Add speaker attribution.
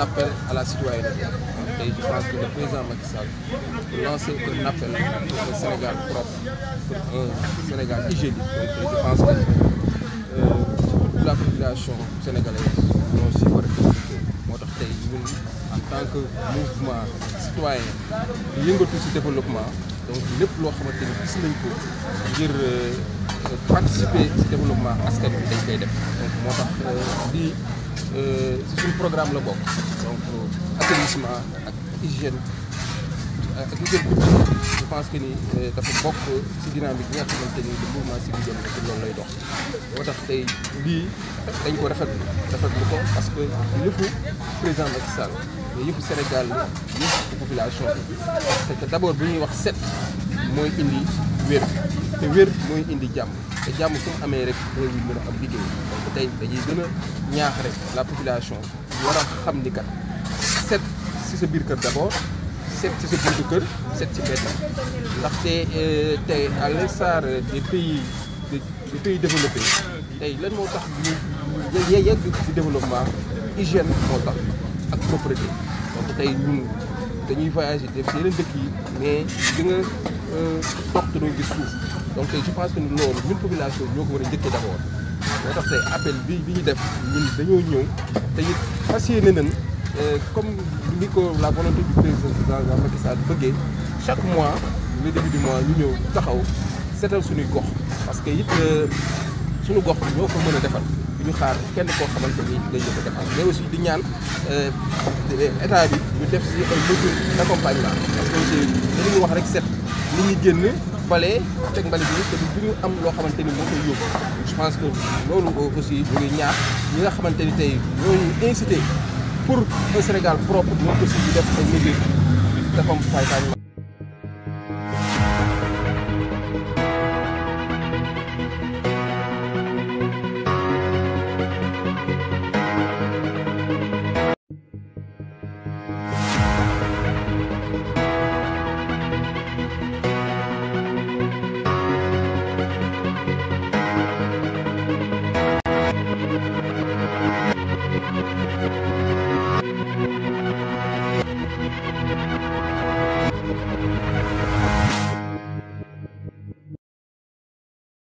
Speaker 1: appel à la citoyenneté.
Speaker 2: Et je pense que le président Macky appel Sénégal propre, pour un Sénégal hygiénique. Et je pense que euh, la population sénégalaise ñoo si war a impliqué moo tax tey ñun en tant que mouvement citoyen yëngatu si développement donc lépp loo xamante ni gis nañ ko ngir euh, participer si développement askan bi dañ koy def donc moo tax lii. Euh, Euh, suñu programme la bokk donc assainissement ak hygiène ak lu jëm pense que ni euh, dafa bokk ci dynamique bi nga xamante ni le mouvement civique jëm loolu lay dox moo tax tey lii dañ ko rafetlu rafetlu ko parce que yëfu président Macky Sall mais yëfu Sénégal la yëfu population bi parce que d'abord bi ñuy wax set mooy indi wér te wér mooy indi jàmm te jàmm fu amee rek réew yi mën a am liggéey donc tey dañuy gën a ñaax rek la population war a xam ni kat set si sa biir kër d'abord set si sa buntu kër set si mbedd ndaxte euh, te à l'instar des pays des pays développés tey lan moo tax ñu yegg ci développement hygiène moo tax ak propreté donc tey ñun dañuy voyagé def si yeneen dëkk yi mais di nga euh, toog te doo gis suuf donc tey je pense que ni loolu ñun population ñoo ko war a njëkkee d' moo tax tey appel bi bi ñu def ñun dañoo ñëw te it fas yéene nañ euh, comme ni ko la volonté du président Macky Sall bëggee chaque mois le début du mois ñu ñëw taxaw seetal suñuy gox parce que it euh, suñu gox ñoo ko mën a defal ñu xaar kenn koo xamante ni dañ ko defal mais aussi di ñaan euh, état bi ñu def si ay mesures d'accompagnement parce que aussi dañuy wax rek set li ñuy génn bale teg mbali bi te du ñu am loo xamante ni moo koy yóbbu je pense que loolu aussi ñu ngi ñaax ñi nga xamante ni tey ñooñu incité pour un Sénégal propre ñoo aussi di def ay mesures d'accompagnement